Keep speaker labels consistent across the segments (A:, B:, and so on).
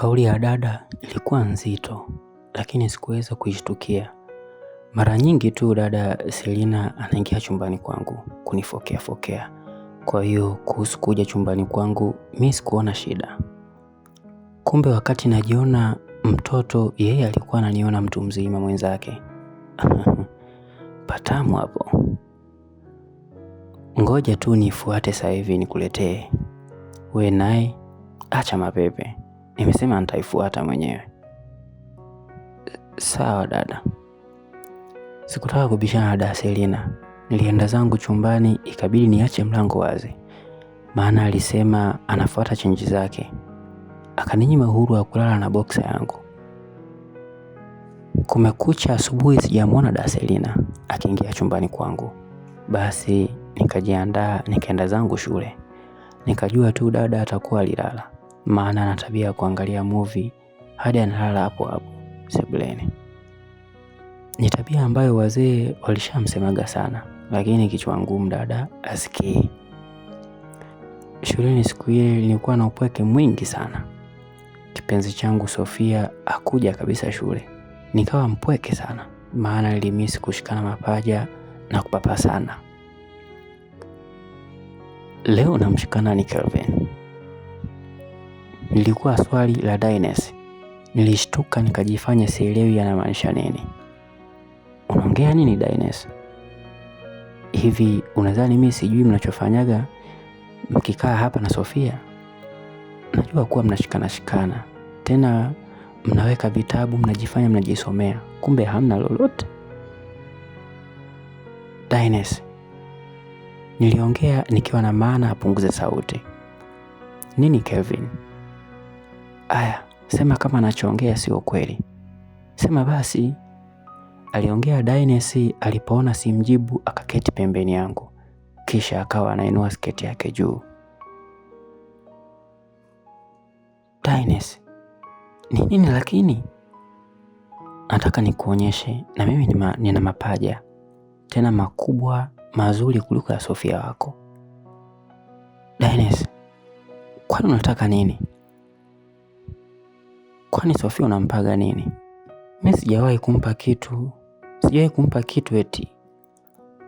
A: Kauli ya dada ilikuwa nzito, lakini sikuweza kuishtukia. Mara nyingi tu dada Selina anaingia chumbani kwangu kunifokea fokea, kwa hiyo kuhusu kuja chumbani kwangu mi sikuona shida. Kumbe wakati najiona mtoto, yeye alikuwa ananiona mtu mzima mwenzake. Patamu hapo, ngoja tu nifuate sasa hivi nikuletee. We naye acha mapepe. Nimesema nitaifuata mwenyewe. Sawa dada. Sikutaka kubishana na Selina. Nilienda zangu chumbani, ikabidi niache mlango wazi, maana alisema anafuata chenji zake. Akaninyima uhuru wa kulala na boksa yangu. Kumekucha asubuhi, sijamwona dada Selina akiingia chumbani kwangu. Basi nikajiandaa nikaenda zangu shule, nikajua tu dada atakuwa alilala maana ana tabia ya kuangalia movie hadi analala hapo hapo sebuleni. Ni tabia ambayo wazee walishamsemaga sana, lakini kichwa ngumu dada asikii. Shuleni siku ile nilikuwa na upweke mwingi sana. Kipenzi changu Sofia akuja kabisa shule, nikawa mpweke sana, maana nilimisi kushikana mapaja na kupapasana. Leo namshikana ni Kelvin Lilikuwa swali la Dynes. Nilishtuka nikajifanya sielewi yanamaanisha nini. Unaongea nini Dynes? Hivi unadhani mimi sijui mnachofanyaga mkikaa hapa na Sofia? Najua kuwa mnashikana shikana, tena mnaweka vitabu mnajifanya mnajisomea, kumbe hamna lolote. Dynes, niliongea nikiwa na maana apunguze sauti. Nini Kelvin? Aya, sema kama anachoongea sio kweli, sema basi. Aliongea dainesi alipoona simjibu, akaketi pembeni yangu, kisha akawa anainua sketi yake juu. Dines, ni nini lakini? Nataka nikuonyeshe na mimi nima, nina mapaja tena makubwa mazuri kuliko ya Sofia wako. Dines, kwani unataka nini? Kwani Sofia unampaga nini? Mi sijawahi kumpa kitu, sijawahi kumpa kitu eti.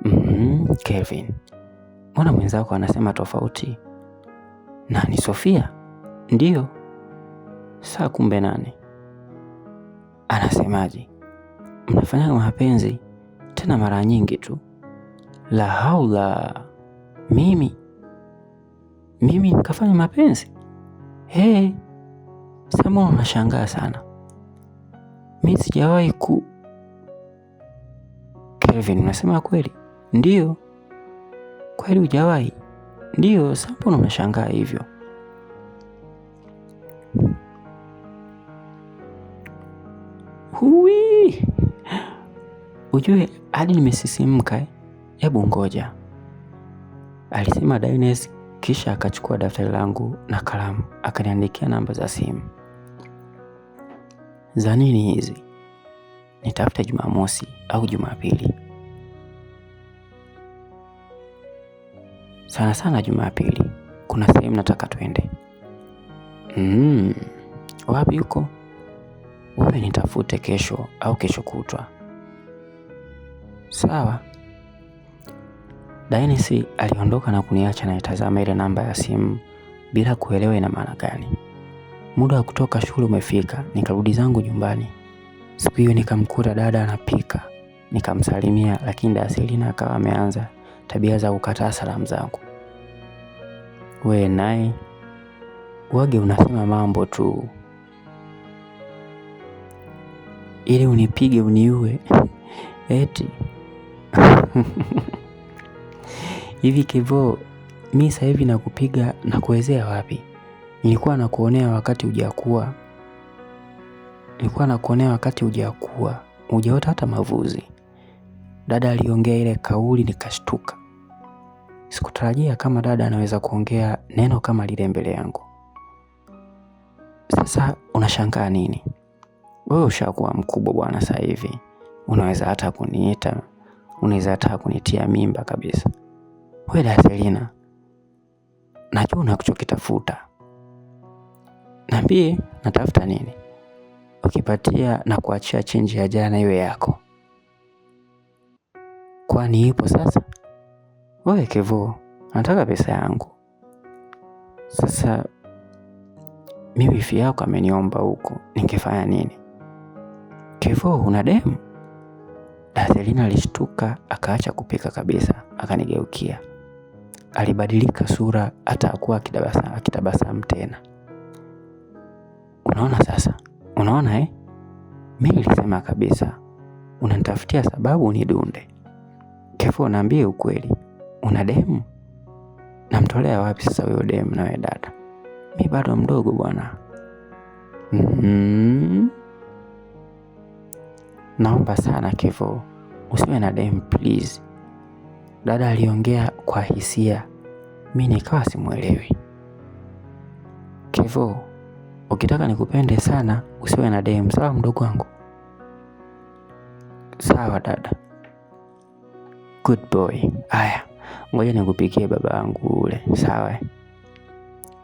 A: mm -hmm, Kevin, mbona mwenzako anasema tofauti? Nani? Sofia? Ndiyo. Saa kumbe nani anasemaje? Mnafanyaga mapenzi tena mara nyingi tu. La haula, mimi mimi nikafanya mapenzi? Hey. Sema unashangaa sana, mi sijawahi ku. Kelvin, unasema kweli? ndio kweli hujawahi? ndio Sambona unashangaa hivyo? Hui, ujue hadi nimesisimka. Hebu ngoja, alisema Dines, kisha akachukua daftari langu na kalamu akaniandikia namba za simu za nini hizi? Nitafuta Jumamosi au Jumapili. Sana sana Jumapili, kuna sehemu nataka twende. Mm, wapi huko? Wewe nitafute kesho au kesho kutwa. Sawa. Dainisi aliondoka na kuniacha naitazama ile namba ya simu bila kuelewa ina maana gani. Muda wa kutoka shule umefika, nikarudi zangu nyumbani. Siku hiyo nikamkuta dada anapika, nikamsalimia, lakini dada akawa ameanza tabia za kukataa salamu zangu. We naye wage unasema mambo tu ili unipige uniue eti hivi Kevoo, mi sasa hivi nakupiga na kuwezea wapi? Nilikuwa nakuonea wakati hujakua, nilikuwa nakuonea wakati hujakua, hujaota hata mavuzi. Dada aliongea ile kauli, nikashtuka. Sikutarajia kama dada anaweza kuongea neno kama lile mbele yangu. Sasa unashangaa nini? Wewe ushakuwa mkubwa bwana, sasa hivi unaweza hata kuniita, unaweza hata kunitia mimba kabisa. Wewe Daselina, najua unachokitafuta Niambie natafuta nini? Ukipatia na kuachia chenji ya jana iwe yako, kwani ipo sasa? Wewe Kevoo, nataka pesa yangu sasa. Mi wifi yako ameniomba huko, ningefanya nini? Kevoo, una demu? Azelina alishtuka akaacha kupika kabisa, akanigeukia. Alibadilika sura, hata hakuwa akitabasamu tena. Unaona sasa, unaona eh? Mimi nilisema kabisa unanitafutia sababu dunde Kefu, naambie ukweli, una demu? Namtolea wapi sasa huyo demu? Nawe dada, mi bado mdogo bwana. mm -hmm. Naomba sana Kevo, usiwe na demu please. Dada aliongea kwa hisia, mi nikawa simwelewi Kevo. Ukitaka nikupende sana usiwe na dem, sawa mdogo wangu? Sawa dada. Good boy. Aya, ngoja nikupikie baba yangu ule, sawa?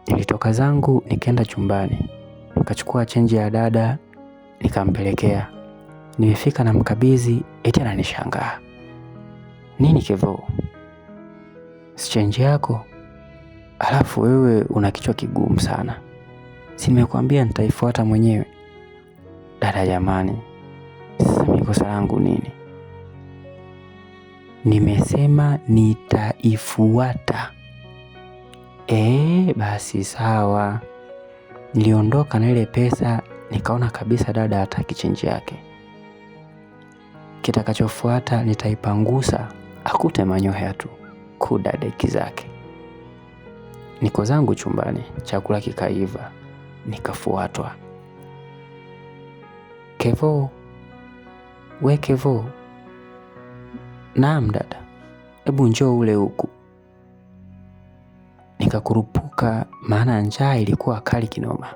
A: Nilitoka zangu nikaenda chumbani, nikachukua chenji ya dada nikampelekea. Nimefika na mkabizi eti ananishangaa, nini kevo si chenji yako? Alafu wewe una kichwa kigumu sana. Si nimekuambia nitaifuata mwenyewe? Dada jamani, sasa mimi kosa langu nini? Nimesema nitaifuata. E, basi sawa. Niliondoka na ile pesa, nikaona kabisa dada hataki chenji yake, kitakachofuata nitaipangusa akute manyoya tu kudadeki zake. Niko zangu chumbani, chakula kikaiva nikafuatwa. Kevo, we Kevo! Naam dada, hebu njoo ule huku. Nikakurupuka, maana njaa ilikuwa kali kinoma.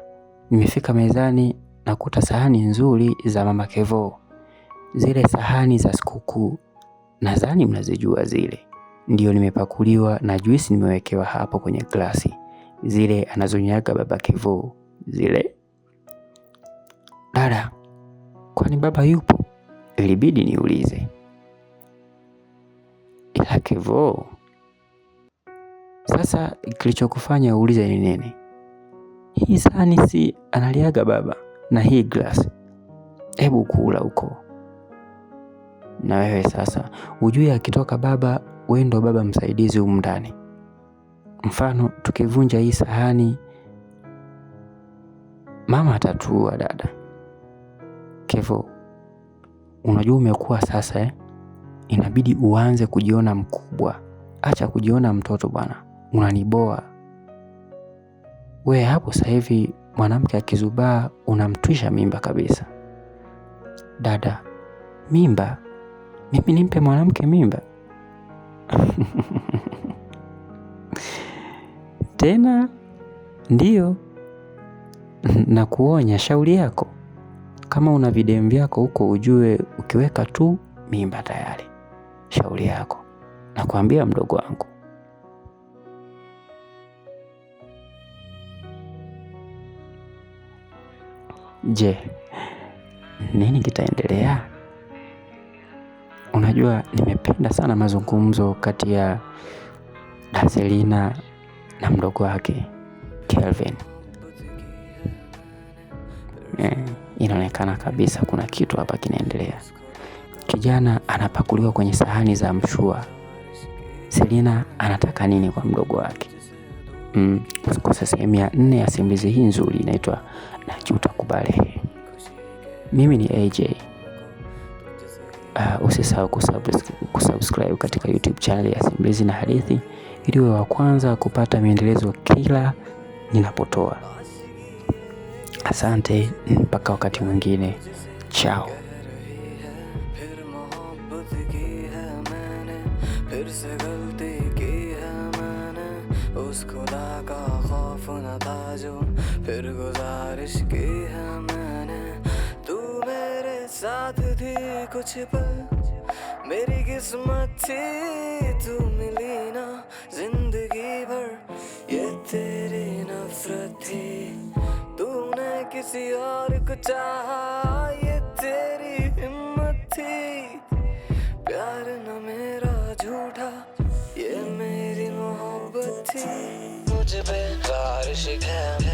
A: Nimefika mezani nakuta sahani nzuri za mama Kevo, zile sahani za sikukuu, nadhani mnazijua zile. Ndio nimepakuliwa na juisi nimewekewa hapo kwenye glasi, zile anazonyaga baba Kevo zile. Dada, kwani baba yupo? Ilibidi niulize, ila Kevoo, sasa kilichokufanya uulize ni nini? Hii sahani si analiaga baba, na hii glasi, hebu kula huko na wewe sasa. Ujui akitoka baba, wewe ndo baba msaidizi humu ndani. Mfano tukivunja hii sahani mama atatuua dada. Kevo, unajua umekuwa sasa eh? Inabidi uanze kujiona mkubwa, acha kujiona mtoto bwana, unaniboa we hapo. Sasa hivi mwanamke akizubaa unamtwisha mimba kabisa. Dada, mimba? Mimi nimpe mwanamke mimba? tena ndiyo. na kuonya shauri yako. Kama una videm vyako huko, ujue ukiweka tu mimba tayari, shauri yako. Nakwambia mdogo wangu. Je, nini kitaendelea? Unajua, nimependa sana mazungumzo kati ya Daselina na mdogo wake Kelvin eh, inaonekana kabisa kuna kitu hapa kinaendelea. Kijana anapakuliwa kwenye sahani za mshua. Selina anataka nini kwa mdogo wake? Mm, usikose sehemu ya nne ya simulizi hii nzuri inaitwa Najuta Kubalehe. Mimi ni AJ. Uh, ah, usisahau kusubscribe katika YouTube channel ya Simulizi na Hadithi ili uwe wa kwanza kupata miendelezo kila ninapotoa. Asante mpaka wakati mwingine, chao. फिर से गलती की है मैंने उस खुदा का न फिर गुजारिश की है मैंने तू मेरे साथ थी कुछ पल मेरी किस्मत थी तू मिली ना जिंदगी भर ये तेरी नफरत थी किसी और को चाह ये तेरी हिम्मत थी प्यार न मेरा झूठा ये मेरी मोहब्बत थी मुझे बेकार शिकम